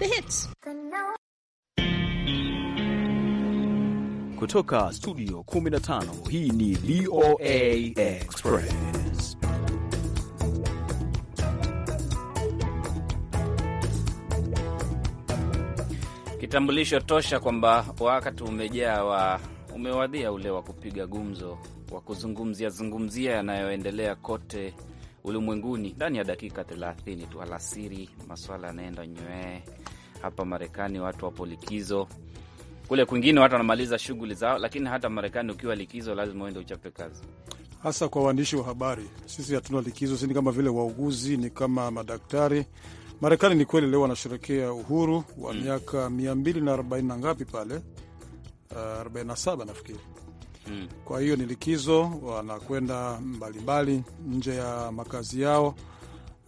The hits. Kutoka studio 15 hii ni VOA Express. Kitambulisho tosha kwamba wakati umejaa wa umewadhia ule wa kupiga gumzo wa kuzungumzia zungumzia yanayoendelea kote ulimwenguni ndani ya dakika 30 tu alasiri, maswala yanaenda nywee hapa Marekani watu wapo likizo, kule kwingine watu wanamaliza shughuli zao, lakini hata Marekani ukiwa likizo lazima uende uchape kazi, hasa kwa waandishi wa habari. Sisi hatuna likizo, si ni kama vile wauguzi, ni kama madaktari. Marekani ni kweli leo wanasherekea uhuru wa mm. miaka mm. mia mbili na arobaini na ngapi pale, uh, 47 nafikiri mm. Kwa hiyo ni likizo, wanakwenda mbalimbali nje ya makazi yao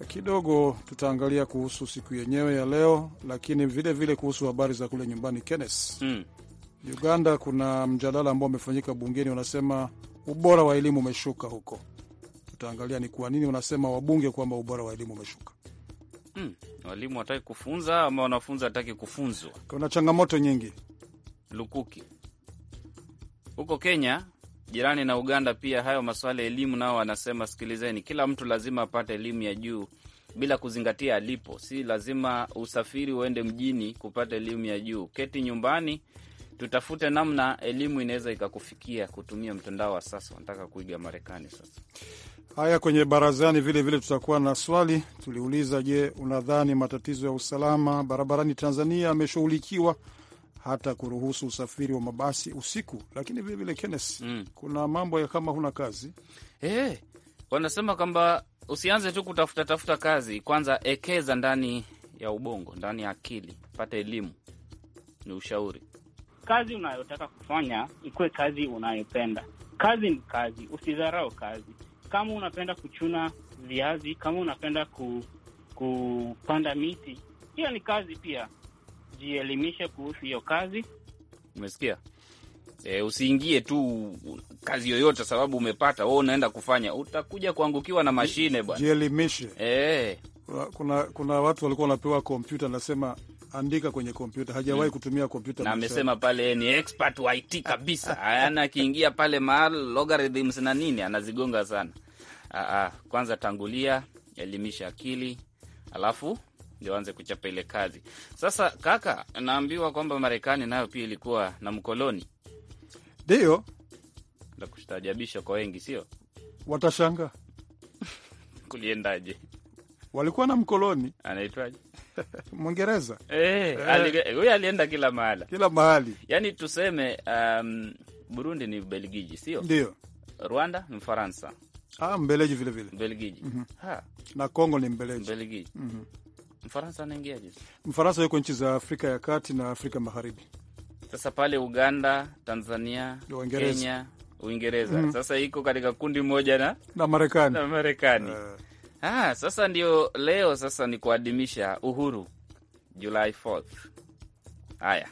kidogo tutaangalia kuhusu siku yenyewe ya leo, lakini vilevile vile kuhusu habari za kule nyumbani Kennes. Mm. Uganda kuna mjadala ambao umefanyika bungeni, wanasema ubora wa elimu umeshuka huko. Tutaangalia ni kwa nini wanasema wabunge kwamba ubora wa elimu umeshuka. Mm. Walimu wataki kufunza ama wanafunzi wataki kufunzwa? Kuna changamoto nyingi lukuki huko Kenya jirani na Uganda pia hayo maswala ya elimu nao wanasema, sikilizeni, kila mtu lazima apate elimu ya juu bila kuzingatia alipo. Si lazima usafiri uende mjini kupata elimu ya juu, keti nyumbani, tutafute namna elimu inaweza ikakufikia kutumia mtandao wa sasa. Wanataka kuiga Marekani sasa. Haya, kwenye barazani vile vile tutakuwa na swali tuliuliza, je, unadhani matatizo ya usalama barabarani Tanzania yameshughulikiwa hata kuruhusu usafiri wa mabasi usiku. Lakini vilevile Kennes, mm. kuna mambo ya kama huna kazi hey, eh, wanasema kwamba usianze tu kutafuta tafuta kazi, kwanza ekeza ndani ya ubongo, ndani ya akili, pate elimu. Ni ushauri, kazi unayotaka kufanya ikuwe kazi unayopenda. Kazi ni kazi, usidharau kazi. Kama unapenda kuchuna viazi, kama unapenda ku, kupanda miti, hiyo ni kazi pia tujielimishe kuhusu hiyo kazi. Umesikia? E, usiingie tu kazi yoyote sababu umepata wewe unaenda kufanya, utakuja kuangukiwa na mashine bwana. Jielimishe. E. Kuna, kuna watu walikuwa wanapewa kompyuta, nasema andika kwenye kompyuta, hajawahi hmm, kutumia kompyuta na amesema pale ni expert wa IT kabisa. Ana akiingia pale mahali logarithms na nini anazigonga sana. Aa, ah, ah, kwanza tangulia elimisha akili alafu ndio anze kuchapa ile kazi. Sasa kaka, naambiwa kwamba Marekani nayo pia ilikuwa na mkoloni. Ndio la kustaajabisha kwa wengi, sio? watashanga kuliendaje? Walikuwa na mkoloni anaitwaje? Mwingereza huyo, eh, eh. alienda kila mahala kila mahali. Yani tuseme um, Burundi ni Belgiji, sio? Ndio. Rwanda ni Mfaransa, ah, Mbeleji vilevile, Belgiji mm -hmm. na Kongo ni Mbeleji, Mbelgiji. mm -hmm. Mfaransa anaingiaje? Mfaransa yuko nchi za Afrika ya kati na Afrika magharibi. Sasa pale Uganda, Tanzania, Kenya, Uingereza mm. Sasa iko katika kundi moja na na Marekani na Marekani uh. Ah, sasa ndio leo sasa ni kuadhimisha uhuru July 4th. Haya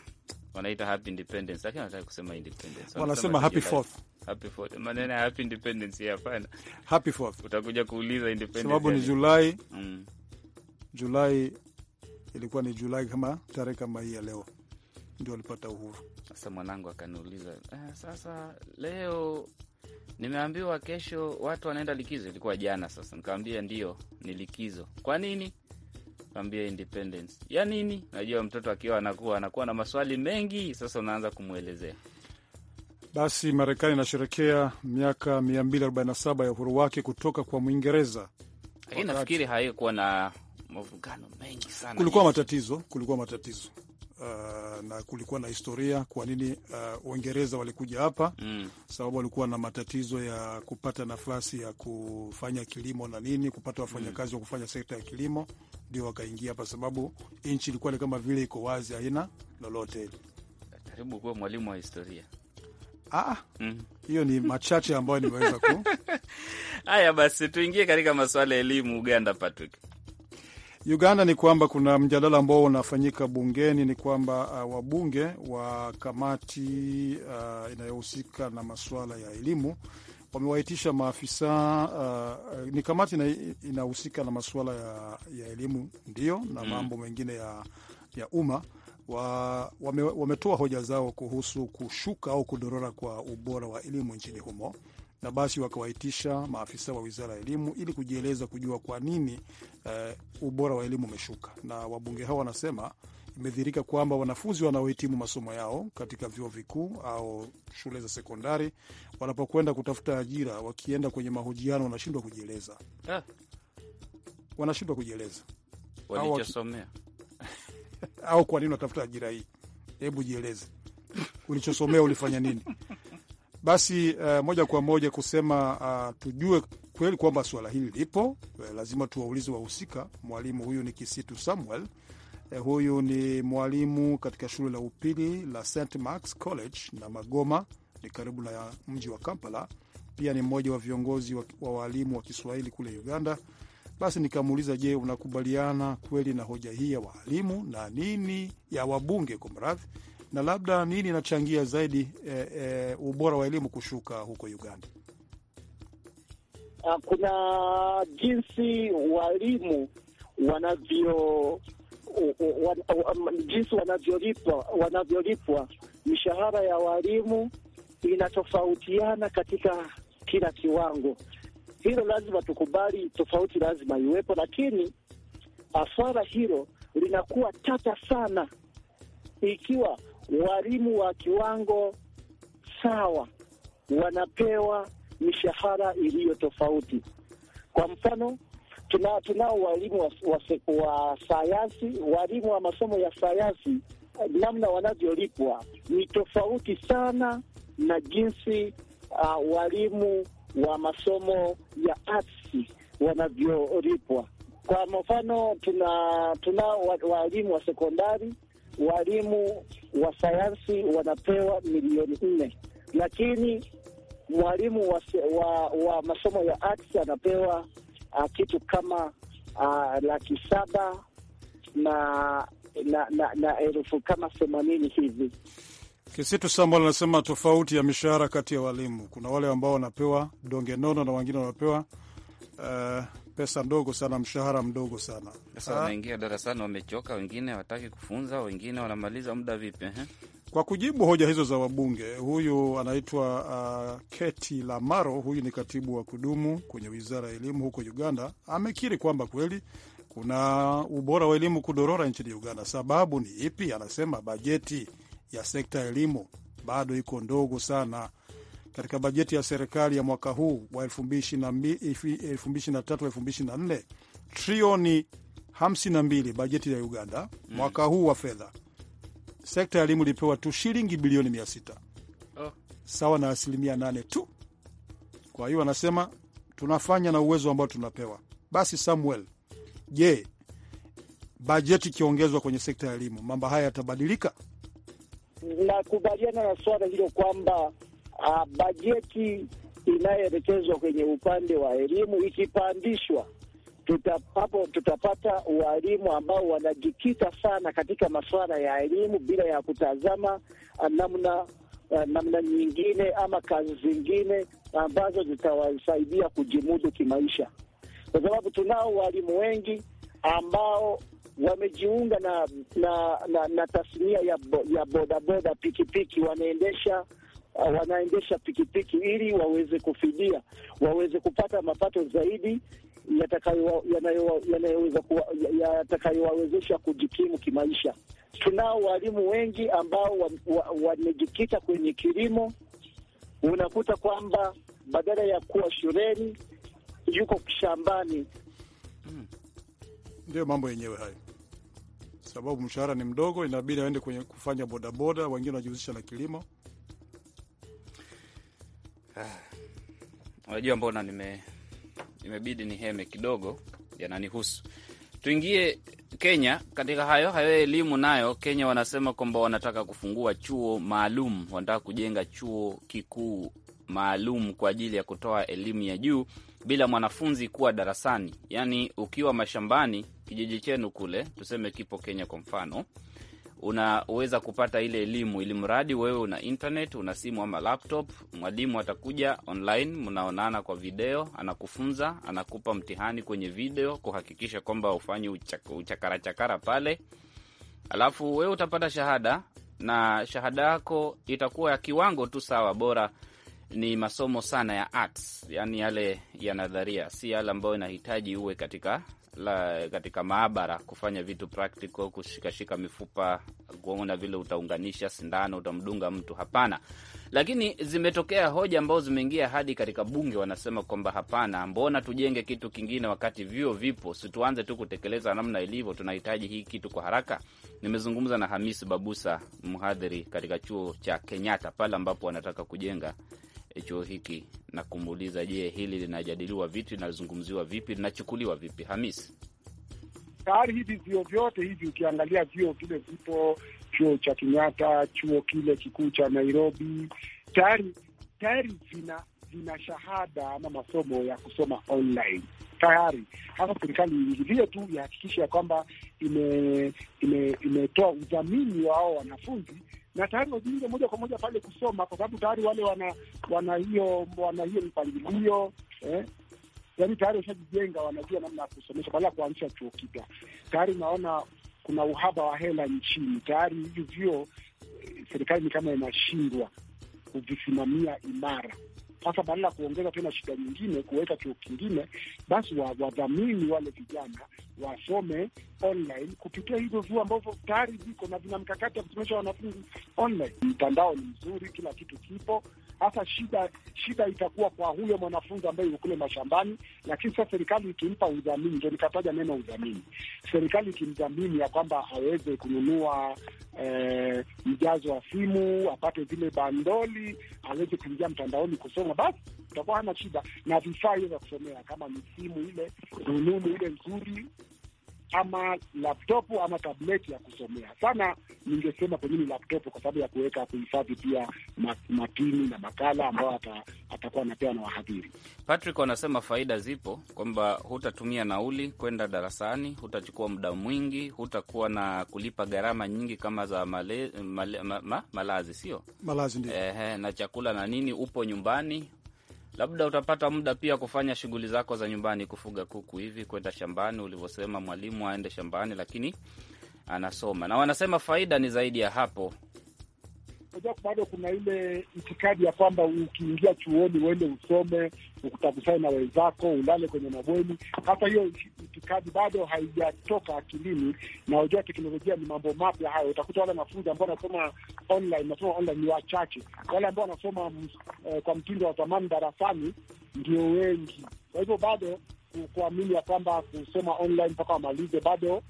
wanaita happy independence, lakini wanataka kusema independence, wanasema happy 4th maneno ya happy independence hapana, utakuja kuuliza independence sababu ni Julai mm. Julai ilikuwa ni Julai kama tarehe kama hii ya leo ndio alipata uhuru. Sasa mwanangu akaniuliza eh, sasa leo nimeambiwa kesho watu wanaenda likizo. Ilikuwa jana. Sasa nikawambia ndio, ni likizo. Kwa nini? Kawambia independence ya nini? Najua mtoto akiwa anakuwa anakuwa na maswali mengi, sasa unaanza kumwelezea. Basi Marekani inasherekea miaka 247 ya uhuru wake kutoka kwa Mwingereza, lakini nafikiri haikuwa na mavurugano mengi sana. Kulikuwa matatizo, kulikuwa matatizo Uh, na kulikuwa na historia kwa nini uh, Uingereza uh, walikuja hapa mm. Sababu walikuwa na matatizo ya kupata nafasi ya kufanya kilimo na nini, kupata wafanyakazi mm. wa kufanya sekta ya kilimo, ndio wakaingia hapa, sababu nchi ilikuwa ni kama vile iko wazi, haina lolote Karibu kuwa mwalimu wa historia. Ah, ah. mm. Hiyo ni machache ambayo nimeweza ku haya. Basi tuingie katika masuala ya elimu Uganda, Patrick. Uganda ni kwamba kuna mjadala ambao unafanyika bungeni, ni kwamba uh, wabunge wa kamati uh, inayohusika na masuala ya elimu wamewaitisha maafisa uh, ni kamati inahusika na masuala ya, ya elimu ndio na mm. mambo mengine ya, ya umma wa, wame, wametoa hoja zao kuhusu kushuka au kudorora kwa ubora wa elimu nchini humo na basi wakawaitisha maafisa wa wizara ya elimu ili kujieleza, kujua kwa nini eh, ubora wa elimu umeshuka. Na wabunge hao wanasema imedhihirika kwamba wanafunzi wanaohitimu masomo yao katika vyuo vikuu au shule za sekondari wanapokwenda kutafuta ajira, wakienda kwenye mahojiano wanashindwa kujieleza ah. wanashindwa kujieleza walichosomea au kwa nini watafuta ajira hii? Hebu jieleze ulichosomea, ulifanya nini? Basi uh, moja kwa moja kusema uh, tujue kweli kwamba suala hili lipo. Uh, lazima tuwaulize wahusika. Mwalimu huyu ni Kisitu Samuel. Uh, huyu ni mwalimu katika shule la upili la St Mark's College na Magoma, ni karibu na mji wa Kampala. Pia ni mmoja wa viongozi wa, wa waalimu wa Kiswahili kule Uganda. Basi nikamuuliza, je, unakubaliana kweli na hoja hii ya waalimu na nini ya wabunge kwa mradhi na labda nini inachangia zaidi e, e, ubora wa elimu kushuka huko Uganda? Ah, kuna jinsi walimu wanavyo um, jinsi wanavyolipwa wanavyolipwa, mishahara ya walimu inatofautiana katika kila kiwango. Hilo lazima tukubali, tofauti lazima iwepo, lakini swala hilo linakuwa tata sana ikiwa walimu wa kiwango sawa wanapewa mishahara iliyo tofauti. Kwa mfano, tunao tuna walimu wa, wa, wa sayansi, walimu wa masomo ya sayansi, namna wanavyolipwa ni tofauti sana na jinsi uh, walimu wa masomo ya arts wanavyolipwa. Kwa mfano, tuna walimu wa sekondari walimu wa sayansi wanapewa milioni nne, lakini mwalimu wa, wa, wa masomo ya arts anapewa uh, kitu kama uh, laki saba na na, na, na elfu kama themanini hivi. Kisitu Sambal anasema tofauti ya mishahara kati ya walimu, kuna wale ambao wanapewa donge nono na wengine wanapewa uh, pesa ndogo sana, mshahara mdogo sana. Sasa ah. wanaingia darasani wamechoka, wengine hawataki kufunza, wengine wanamaliza muda vipi eh? Kwa kujibu hoja hizo za wabunge, huyu anaitwa uh, Keti Lamaro, huyu ni katibu wa kudumu kwenye wizara ya elimu huko Uganda, amekiri kwamba kweli kuna ubora wa elimu kudorora nchini Uganda. Sababu ni ipi? Anasema bajeti ya sekta ya elimu bado iko ndogo sana katika bajeti ya serikali ya mwaka huu wa 2023/2024 trilioni 52 bajeti ya Uganda mm. mwaka huu wa fedha, sekta ya elimu ilipewa tu shilingi bilioni 600 oh. sawa na asilimia 8 tu. Kwa hiyo anasema tunafanya na uwezo ambao tunapewa. Basi Samuel, je, bajeti ikiongezwa kwenye sekta ya elimu mambo haya yatabadilika? Nakubaliana na swala hilo kwamba uh, bajeti inayoelekezwa kwenye upande wa elimu ikipandishwa, tutapapo tutapata walimu ambao wanajikita sana katika masuala ya elimu bila ya kutazama ah, namna uh, namna nyingine ama kazi zingine ambazo zitawasaidia kujimudu kimaisha, kwa sababu tunao walimu wengi ambao wamejiunga na na, na, na tasnia ya, bo, ya bodaboda pikipiki, wanaendesha Uh, wanaendesha pikipiki ili waweze kufidia, waweze kupata mapato zaidi yatakayowawezesha kujikimu kimaisha. Tunao walimu wengi ambao wamejikita wa, wa kwenye kilimo. Unakuta kwamba badala ya kuwa shuleni yuko shambani. Hmm. Ndiyo mambo yenyewe hayo, sababu mshahara ni mdogo, inabidi aende kwenye kufanya bodaboda, wengine wanajihusisha na kilimo. Unajua mbona nime imebidi ni heme kidogo, yananihusu. Tuingie Kenya katika hayo hayo elimu. Nayo Kenya wanasema kwamba wanataka kufungua chuo maalum, wanataka kujenga chuo kikuu maalum kwa ajili ya kutoa elimu ya juu bila mwanafunzi kuwa darasani. Yaani ukiwa mashambani, kijiji chenu kule, tuseme kipo Kenya kwa mfano unaweza kupata ile elimu, ili mradi wewe una internet, una simu ama laptop. Mwalimu atakuja online, mnaonana kwa video, anakufunza, anakupa mtihani kwenye video kuhakikisha kwamba ufanye uchak uchakarachakara pale, alafu wewe utapata shahada na shahada yako itakuwa ya kiwango tu sawa, bora ni masomo sana ya arts, yani yale ya nadharia, si yale ambayo inahitaji uwe katika la katika maabara kufanya vitu practical, kushikashika mifupa, kuona vile utaunganisha sindano, utamdunga mtu, hapana. Lakini zimetokea hoja ambazo zimeingia hadi katika bunge, wanasema kwamba hapana, mbona tujenge kitu kingine wakati vyuo vipo? Si tuanze tu kutekeleza namna ilivyo, tunahitaji hii kitu kwa haraka. Nimezungumza na Hamisi Babusa, mhadhiri katika chuo cha Kenyatta pale ambapo wanataka kujenga E, chuo hiki na kumuuliza, je, hili linajadiliwa vipi, linazungumziwa vipi, linachukuliwa vipi? Hamis, tayari hivi vio vyote hivi ukiangalia vio vile vipo, chuo cha Kenyatta, chuo kile kikuu cha Nairobi, tayari tayari vina vina shahada ama masomo ya kusoma online tayari. hasa serikali iingilie tu ihakikishe ya kwamba imetoa ime, ime udhamini wa hao wanafunzi na tayari wajiinge moja kwa moja pale kusoma, kwa sababu tayari wale wana wana hiyo wana hiyo mipangilio eh? Yani tayari washajijenga, wanajua namna ya kusomesha badala ya kuanzisha chuo kipya. Tayari unaona kuna uhaba wa hela nchini tayari, hivi vyuo eh, serikali ni kama inashindwa kuvisimamia imara. Sasa badala ya kuongeza tena shida nyingine, kuweka chuo kingine, basi wadhamini wa wale vijana wasome online kupitia hivyo vyuo ambavyo tayari viko na vina mkakati ya kusomesha wanafunzi online. Mtandao ni mzuri, kila kitu kipo. Hasa shida shida itakuwa kwa huyo mwanafunzi ambaye yuko kule mashambani, lakini sasa serikali ikimpa udhamini, ndio nikataja neno udhamini, serikali ikimdhamini ya kwamba aweze kununua eh, mjazo wa simu, apate zile bandoli, aweze kuingia mtandaoni kusoma, basi utakuwa hana shida na vifaa hivyo vya kusomea, kama ni simu ile rununu ile nzuri ama laptop ama tablet ya kusomea. Sana ningesema ni laptop kwa sababu ya kuweka kuhifadhi pia matini na makala ambayo atakuwa anapewa na wahadhiri. Patrick wanasema faida zipo, kwamba hutatumia nauli kwenda darasani, hutachukua muda mwingi, hutakuwa na kulipa gharama nyingi kama za male, male, ma, ma, malazi sio malazi, ndio ehe, na chakula na nini, upo nyumbani Labda utapata muda pia kufanya shughuli zako za nyumbani, kufuga kuku hivi, kwenda shambani, ulivyosema mwalimu aende shambani, lakini anasoma na wanasema faida ni zaidi ya hapo, unajua bado kuna ile itikadi ya kwamba ukiingia chuoni uende usome, ukutagusane na wenzako, ulale kwenye mabweni. Hata hiyo itikadi bado haijatoka akilini, na unajua teknolojia ni mambo mapya hayo. Utakuta wale wanafunzi ambao wanasoma online, nasoma online ni wachache, wale ambao wanasoma eh, kwa mtindo wa zamani darasani ndio wengi. Kwa hivyo bado kuamini ya kwamba kusoma online mpaka wamalize, bado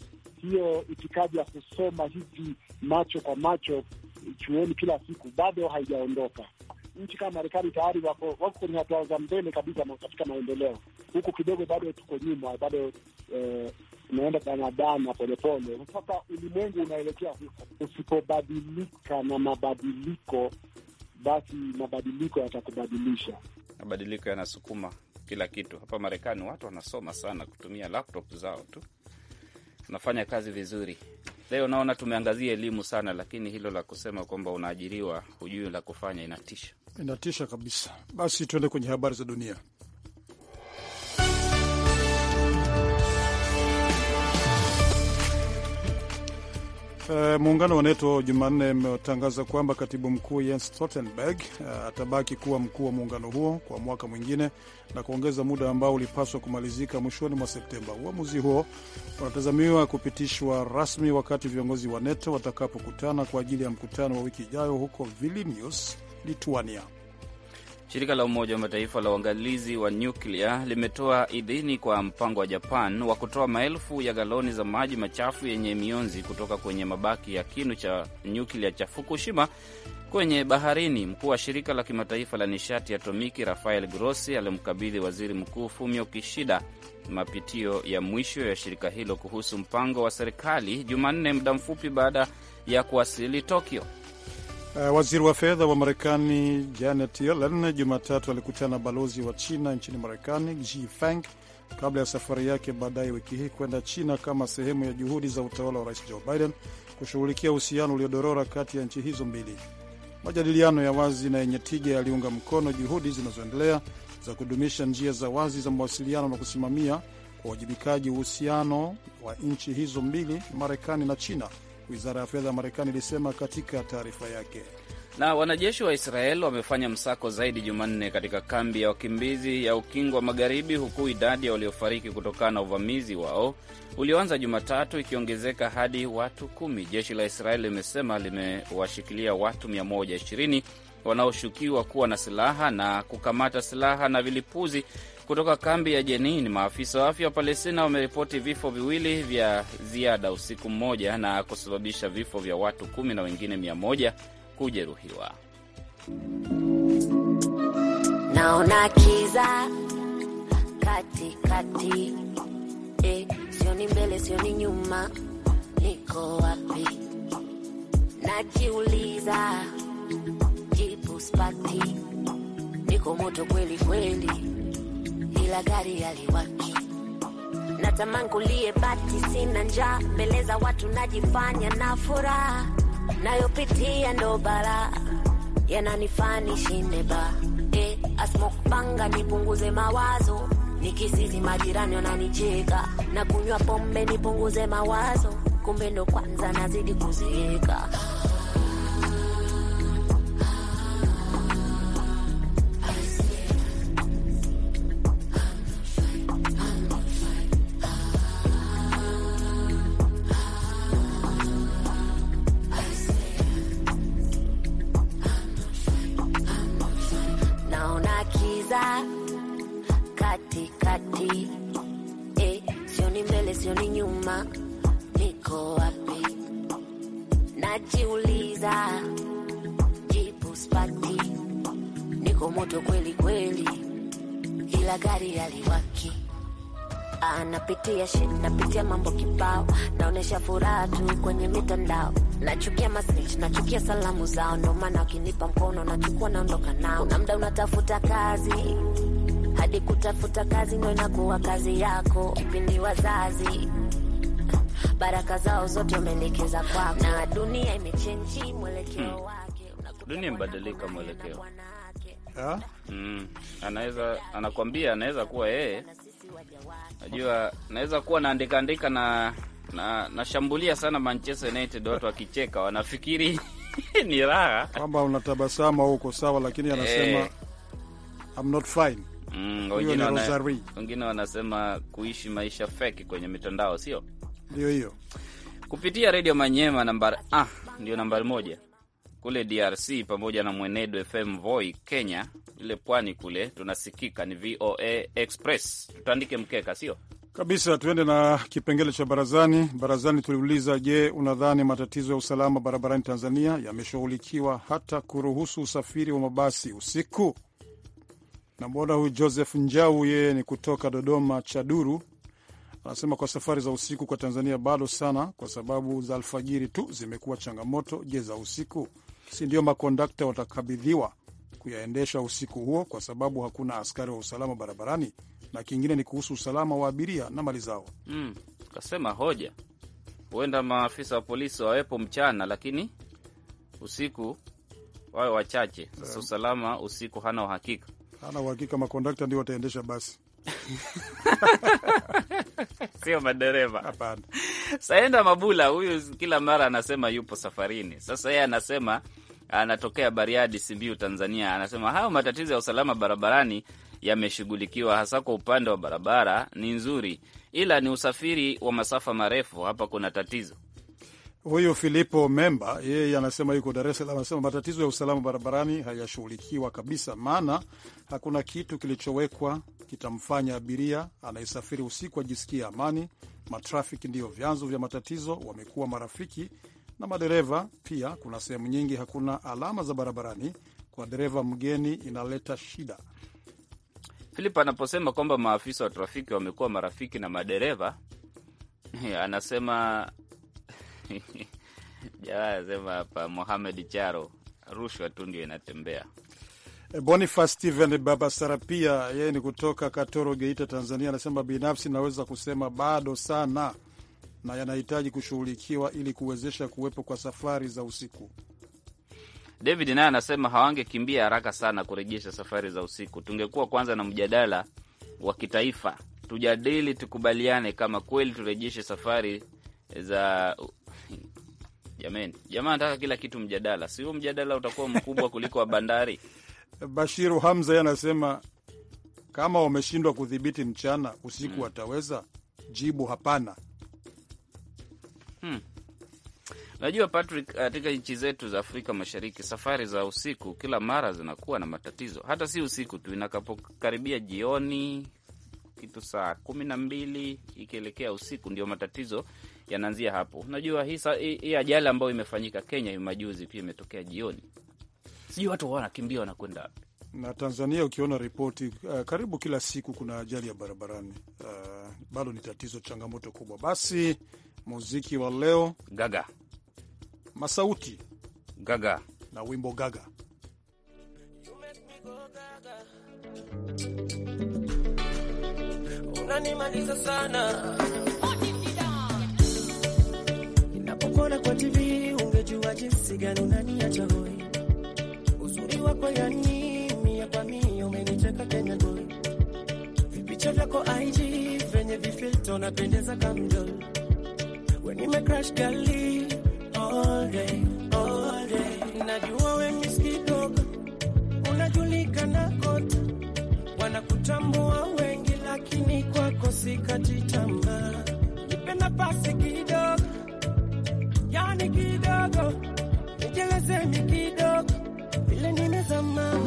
hiyo itikadi ya kusoma hivi macho kwa macho chuoni kila siku, bado haijaondoka. Nchi kama Marekani tayari wako wako kwenye hatua za mbele kabisa katika maendeleo, huku kidogo bado tuko nyuma, bado eh, tunaenda eh, danadana polepole. Sasa ulimwengu unaelekea huko, usipobadilika na mabadiliko, basi mabadiliko yatakubadilisha. Mabadiliko yanasukuma kila kitu. Hapa Marekani watu wanasoma sana kutumia laptop zao tu, wanafanya kazi vizuri Leo naona tumeangazia elimu sana, lakini hilo la kusema kwamba unaajiriwa hujui la kufanya inatisha, inatisha kabisa. Basi tuende kwenye habari za dunia. Eh, muungano wa NATO Jumanne umetangaza kwamba katibu mkuu Jens Stoltenberg uh, atabaki kuwa mkuu wa muungano huo kwa mwaka mwingine na kuongeza muda ambao ulipaswa kumalizika mwishoni mwa Septemba. Uamuzi huo unatazamiwa kupitishwa rasmi wakati viongozi wa NATO watakapokutana kwa ajili ya mkutano wa wiki ijayo huko Vilnius, Lithuania. Shirika la Umoja wa Mataifa la uangalizi wa nyuklia limetoa idhini kwa mpango wa Japan wa kutoa maelfu ya galoni za maji machafu yenye mionzi kutoka kwenye mabaki ya kinu cha nyuklia cha Fukushima kwenye baharini. Mkuu wa shirika la kimataifa la nishati atomiki Rafael Grossi alimkabidhi waziri mkuu Fumio Kishida mapitio ya mwisho ya shirika hilo kuhusu mpango wa serikali Jumanne, muda mfupi baada ya kuwasili Tokyo. Uh, waziri wa fedha wa Marekani Janet Yellen Jumatatu alikutana na balozi wa China nchini Marekani Xi Feng kabla ya safari yake baadaye wiki hii kwenda China kama sehemu ya juhudi za utawala wa Rais Joe Biden kushughulikia uhusiano uliodorora kati ya nchi hizo mbili. Majadiliano ya wazi na yenye tija yaliunga mkono juhudi zinazoendelea za kudumisha njia za wazi za mawasiliano na kusimamia kwa uwajibikaji uhusiano wa nchi hizo mbili, Marekani na China wizara ya fedha ya Marekani ilisema katika taarifa yake. Na wanajeshi wa Israel wamefanya msako zaidi Jumanne katika kambi ya wakimbizi ya Ukingo wa Magharibi, huku idadi ya waliofariki kutokana na uvamizi wao ulioanza Jumatatu ikiongezeka hadi watu kumi. Jeshi la Israel limesema limewashikilia watu 120 wanaoshukiwa kuwa na silaha na kukamata silaha na vilipuzi kutoka kambi ya Jenin, maafisa wa afya wa Palestina wameripoti vifo viwili vya ziada usiku mmoja na kusababisha vifo vya watu kumi na wengine mia moja kujeruhiwa. Naona kiza katikati, eh, sioni mbele, sioni nyuma, niko wapi? Najiuliza, jibu niko moto kweli kweli kila gari aliwaki natamani kulie bati, sina njaa mbele za watu najifanya na furaha nayopitia ndo bara yananifani shinde ba eh, banga nipunguze mawazo nikisizi majirani wananicheka na kunywa pombe nipunguze mawazo kumbe ndo kwanza nazidi kuzeeka. daktari aliwaki anapitia ah, shit, napitia mambo kibao, naonesha furaha tu kwenye mitandao. Nachukia message, nachukia salamu zao, ndo maana wakinipa mkono nachukua naondoka nao. Na mda unatafuta kazi hadi kutafuta kazi ndo inakuwa kazi yako, kipindi wazazi baraka zao zote wameelekeza kwako, na dunia imechenji mwelekeo hmm. wake, dunia imebadilika mwelekeo mm, anaweza anakwambia, anaweza kuwa yeye, najua naweza kuwa naandika andika na na nashambulia sana Manchester United, watu wakicheka wanafikiri ni raha kwamba unatabasama au uko sawa, lakini anasema hey, eh. I'm not fine. Mm, wengine wanasema kuishi maisha feki kwenye mitandao, sio ndio? Hiyo kupitia redio Manyema namba ah, ndio nambari moja kule DRC pamoja na Mwenedo FM Voi Kenya, ile pwani kule tunasikika ni VOA Express. Tutaandike mkeka, sio kabisa. Tuende na kipengele cha barazani. Barazani tuliuliza, je, unadhani matatizo ya usalama barabarani Tanzania yameshughulikiwa hata kuruhusu usafiri wa mabasi usiku? Namwona huyu Joseph Njau, yeye ni kutoka Dodoma Chaduru, anasema kwa safari za usiku kwa Tanzania bado sana, kwa sababu za alfajiri tu zimekuwa changamoto. Je, za usiku si ndio makondakta watakabidhiwa kuyaendesha usiku huo, kwa sababu hakuna askari wa usalama barabarani, na kingine ni kuhusu usalama wa abiria na mali zao. Mm, kasema hoja, huenda maafisa wa polisi wawepo mchana, lakini usiku wawe wachache. Sasa eh. usalama usiku hana uhakika, hana uhakika. Makondakta ndio wataendesha basi sio madereva hapana. Saenda Mabula huyu kila mara anasema yupo safarini. Sasa yeye anasema anatokea Bariadi, Simbiu, Tanzania. Anasema hayo matatizo ya usalama barabarani yameshughulikiwa, hasa kwa upande wa barabara ni nzuri, ila ni usafiri wa masafa marefu, hapa kuna tatizo. Huyu Filipo Memba yeye anasema yuko Dar es Salaam, anasema matatizo ya usalama barabarani hayashughulikiwa kabisa, maana hakuna kitu kilichowekwa kitamfanya abiria anayesafiri usiku ajisikia amani. Matrafiki ndiyo vyanzo vya matatizo, wamekuwa marafiki na madereva pia. Kuna sehemu nyingi hakuna alama za barabarani, kwa dereva mgeni inaleta shida. Philip anaposema kwamba maafisa wa trafiki wamekuwa marafiki na madereva anasema jamaa anasema hapa Mohamed Charo, rushwa tu ndio inatembea. E, Boniface Steven Baba Sarapia, yeye ni kutoka Katoro, Geita, Tanzania, anasema binafsi naweza kusema bado sana na yanahitaji kushughulikiwa ili kuwezesha kuwepo kwa safari za usiku. David naye anasema hawangekimbia haraka sana kurejesha safari za usiku. Tungekuwa kwanza na mjadala wa kitaifa, tujadili, tukubaliane kama kweli turejeshe safari za Jamani, jamaa anataka kila kitu mjadala, sio mjadala utakuwa mkubwa kuliko wa bandari. Bashiru Hamza anasema kama wameshindwa kudhibiti mchana, usiku hmm. wataweza? Jibu hapana. hmm. Najua Patrick, katika nchi zetu za Afrika Mashariki safari za usiku kila mara zinakuwa na matatizo. Hata si usiku tu, inakapokaribia jioni, kitu saa kumi na mbili ikielekea usiku, ndio matatizo yanaanzia hapo. Unajua hii ajali ambayo imefanyika Kenya majuzi pia imetokea jioni, sijui watu wanakimbia wanakwenda wapi na Tanzania ukiona ripoti uh, karibu kila siku kuna ajali ya barabarani uh, bado ni tatizo, changamoto kubwa. Basi muziki wa leo gaga, Masauti gaga na wimbo gaga, gaga. Unanimaliza sana kukuona kwa TV, ungejua jinsi gani unaniacha hoi. Uzuri wako yani mia kwa mia, umeniteka tena boy. Vipicha vyako IG venye vifilto, napendeza kamdol. We nime crash gali all day, all day. Najua we miskidogo, unajulikana kote, wanakutambua wengi, lakini kwako sikati tamaa. Nipe nafasi kidogo kidogo, nicheze kidogo, vile nimezama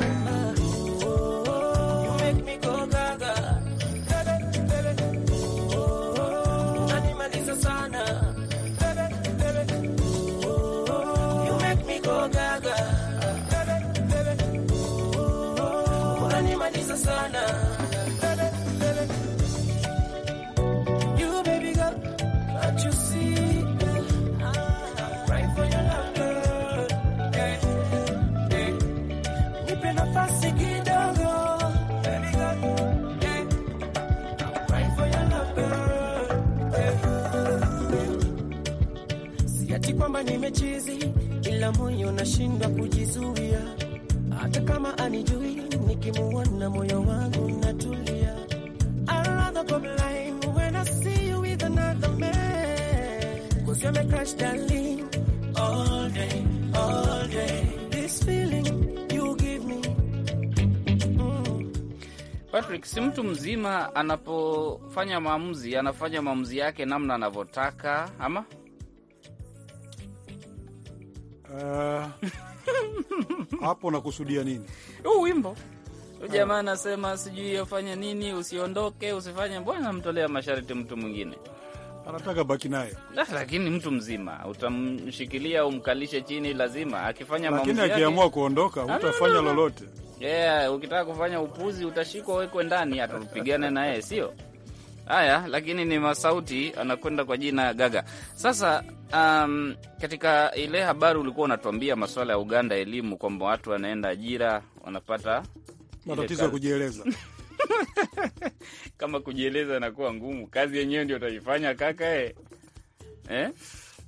Patrick, si mtu mzima anapofanya maamuzi anafanya maamuzi yake namna anavyotaka ama uh, hapo? nakusudia nini huu wimbo jamaa anasema sijui afanye nini, usiondoke, usifanye. Mbona namtolea masharti mtu mwingine? Anataka baki naye, ah, lakini mtu mzima utamshikilia, umkalishe chini, lazima akifanya maamuzi yake. Lakini akiamua kuondoka, utafanya lolote Yeah, ukitaka kufanya upuzi utashikwa wekwe ndani, hata upigane na yeye, sio haya. Lakini ni masauti anakwenda kwa jina Gaga. Sasa um, katika ile habari ulikuwa unatuambia masuala ya Uganda elimu, kwamba watu wanaenda ajira wanapata matatizo ya kujieleza kama kujieleza inakuwa ngumu, kazi yenyewe ndio utaifanya kaka, eh? Eh?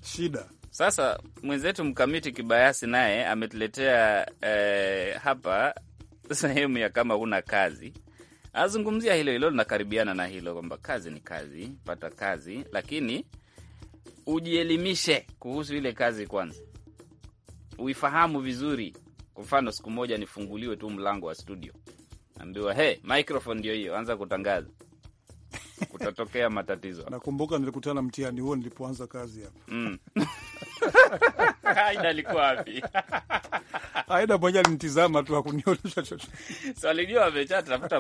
Shida sasa. Mwenzetu mkamiti kibayasi naye ametuletea eh, hapa sehemu ya kama una kazi azungumzia hilo hilo, linakaribiana na hilo kwamba kazi ni kazi, pata kazi, lakini ujielimishe kuhusu ile kazi kwanza, uifahamu vizuri. Kwa mfano, siku moja nifunguliwe tu mlango wa studio, ambiwa he, microphone ndio hiyo, anza kutangaza kutatokea matatizo. Nakumbuka nilikutana mtihani huo nilipoanza kazi hapa mm. Aida alikuwa wapi? Aida alinitizama tu, hakunionyesha chochote. So alijua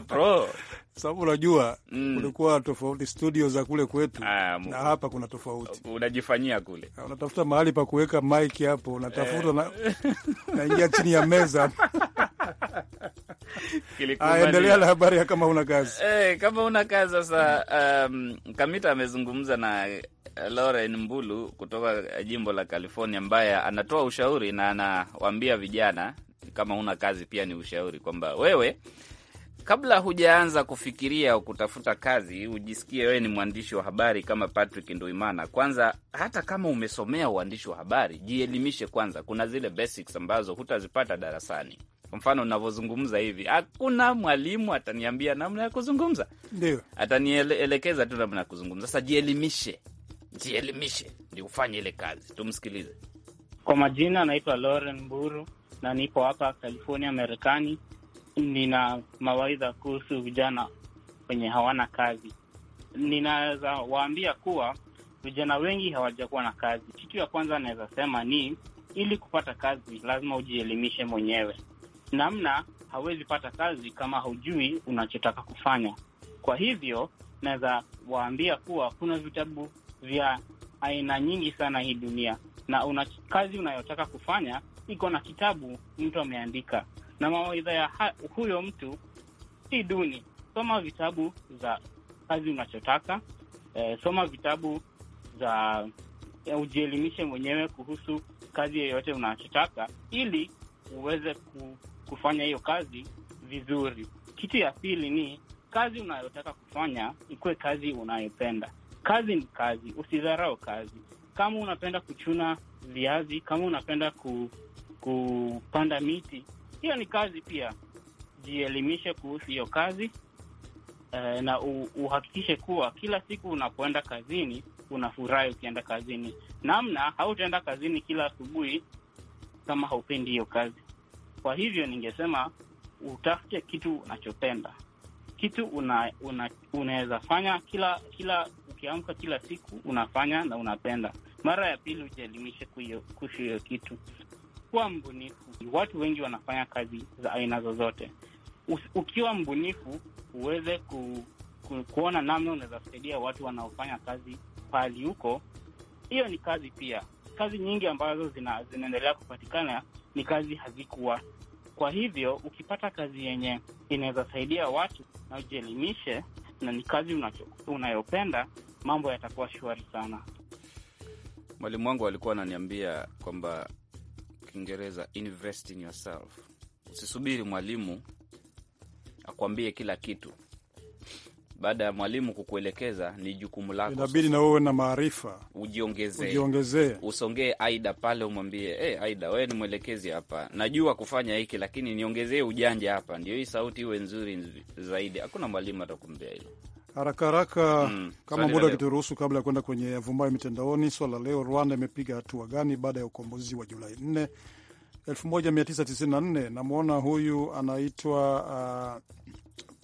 pro, sababu unajua mm. kulikuwa tofauti studio za kule kwetu ah, na hapa kuna tofauti. Unajifanyia kule ah, unatafuta mahali pa kuweka mike hapo, unatafuta na eh. naingia chini ya meza Aendelea ah, na habari ya kama una kazi eh, kama una kazi sasa. Um, Kamita amezungumza na Lauren Mbulu kutoka jimbo la California, ambaye anatoa ushauri na anawaambia vijana, kama huna kazi pia ni ushauri kwamba wewe kabla hujaanza kufikiria au kutafuta kazi, ujisikie wewe ni mwandishi wa habari kama Patrick Nduimana. Kwanza, hata kama umesomea uandishi wa habari, jielimishe kwanza. Kuna zile basics ambazo hutazipata darasani. Kwa mfano, unavyozungumza hivi, hakuna mwalimu ataniambia namna ya kuzungumza, ndio atanielekeza tu namna ya kuzungumza. Sasa jielimishe, Jielimishe ndi ufanye ile kazi. Tumsikilize. Kwa majina anaitwa Lauren Mburu na nipo hapa California, Marekani. Nina mawaidha kuhusu vijana wenye hawana kazi. Ninaweza waambia kuwa vijana wengi hawajakuwa na kazi. Kitu ya kwanza naweza sema ni ili kupata kazi lazima ujielimishe mwenyewe. Namna hawezi pata kazi kama haujui unachotaka kufanya. Kwa hivyo naweza waambia kuwa kuna vitabu vya aina nyingi sana hii dunia, na una kazi unayotaka kufanya iko na kitabu mtu ameandika, na mawaidha ya huyo mtu si duni. Soma vitabu za kazi unachotaka, e, soma vitabu za eh, ujielimishe mwenyewe kuhusu kazi yoyote unachotaka ili uweze ku, kufanya hiyo kazi vizuri. Kitu ya pili ni kazi unayotaka kufanya ikuwe kazi unayopenda kazi ni kazi, usidharau kazi. Kama unapenda kuchuna viazi, kama unapenda ku, kupanda miti, hiyo ni kazi pia. Jielimishe kuhusu hiyo kazi eh, na uhakikishe kuwa kila siku unapoenda kazini unafurahi ukienda kazini. Namna hautaenda kazini kila asubuhi kama haupendi hiyo kazi. Kwa hivyo ningesema utafute kitu unachopenda, kitu una, una, unaweza fanya kila kila ukiamka kila siku unafanya na unapenda. Mara ya pili ujielimishe kuhusu hiyo kitu, kuwa mbunifu. Watu wengi wanafanya kazi za aina zozote. Ukiwa mbunifu uweze ku, ku, kuona namna unaweza watu wanaofanya kazi pahali huko. Hiyo ni kazi pia. Kazi nyingi ambazo zina, zinaendelea kupatikana ni kazi hazikuwa. Kwa hivyo ukipata kazi yenye inaweza saidia watu na ujielimishe na ni kazi unayopenda, mambo yatakuwa shwari sana. Mwalimu wangu alikuwa ananiambia kwamba Kiingereza, invest in yourself, usisubiri mwalimu akwambie kila kitu. Baada ya mwalimu kukuelekeza, ni jukumu lako, inabidi na wewe na maarifa ujiongezee, ujiongezee, usongee. Aida pale umwambie, hey, eh, Aida, wewe ni mwelekezi hapa, najua kufanya hiki, lakini niongezee ujanja hapa, ndio hii sauti iwe nzuri zaidi. Hakuna mwalimu atakuambia hilo haraka haraka mm, kama muda ukituruhusu, kabla ya kwenda kwenye avumbayo mitandaoni, swala leo, Rwanda imepiga hatua gani baada ya ukombozi wa Julai 4 1994? Namwona huyu anaitwa uh,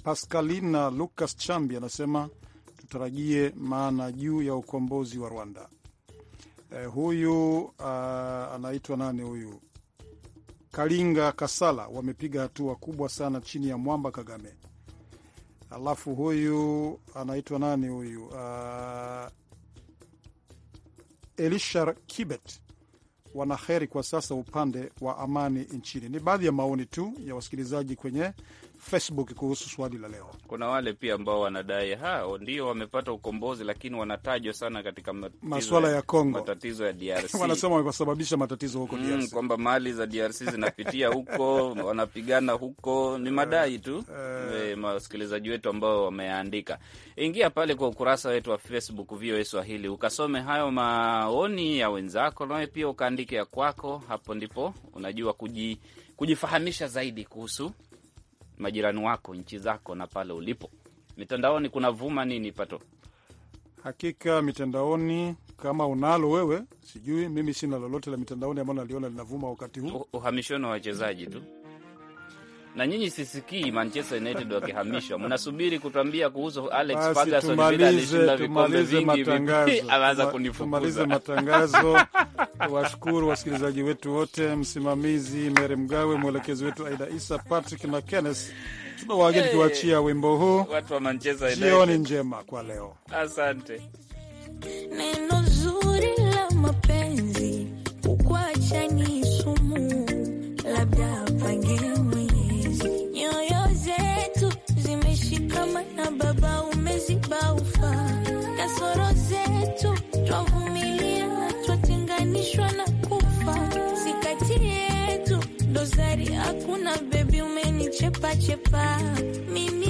Pascalina Lucas Chambi anasema tutarajie maana juu ya ukombozi wa Rwanda. Eh, huyu uh, anaitwa nani huyu Kalinga Kasala, wamepiga hatua kubwa sana chini ya mwamba Kagame. Alafu huyu anaitwa nani huyu? Uh, Elishar Kibet wanaheri kwa sasa upande wa amani nchini. Ni baadhi ya maoni tu ya wasikilizaji kwenye Facebook kuhusu swali la leo. Kuna wale pia ambao wanadai hao ndio wamepata ukombozi, lakini wanatajwa sana katika maswala ya Kongo, matatizo ya DRC wanasema wamesababisha matatizo huko mm, DRC kwamba mali za DRC zinapitia huko wanapigana huko. Ni eh, madai tu eh. Eh, wasikilizaji wetu ambao wameandika. Ingia pale kwa ukurasa wetu wa Facebook VOA Swahili ukasome hayo maoni ya wenzako, nawe pia ukaandike ya kwako. Hapo ndipo unajua kuji, kujifahamisha zaidi kuhusu majirani wako, nchi zako na pale ulipo. Mitandaoni kuna vuma nini pato? Hakika mitandaoni kama unalo wewe, sijui. Mimi sina lolote la mitandaoni ambalo naliona linavuma wakati huu, uhamishoni wa wachezaji tu na nyinyi sisikii Manchester United wakihamishwa, mnasubiri kutuambia kuhusu Alex Ferguson alishinda vikombe vingi, anaanza kunifukuza. Tumalize matangazo. Washukuru wasikilizaji wetu wote, msimamizi Mere Mgawe, mwelekezi wetu Aida Isa, Patrick na Kenneth. Tuna hey, tukiwachia wimbo huu. Watu wa Manchester United, jioni njema kwa leo, asante. chepa chepa mimi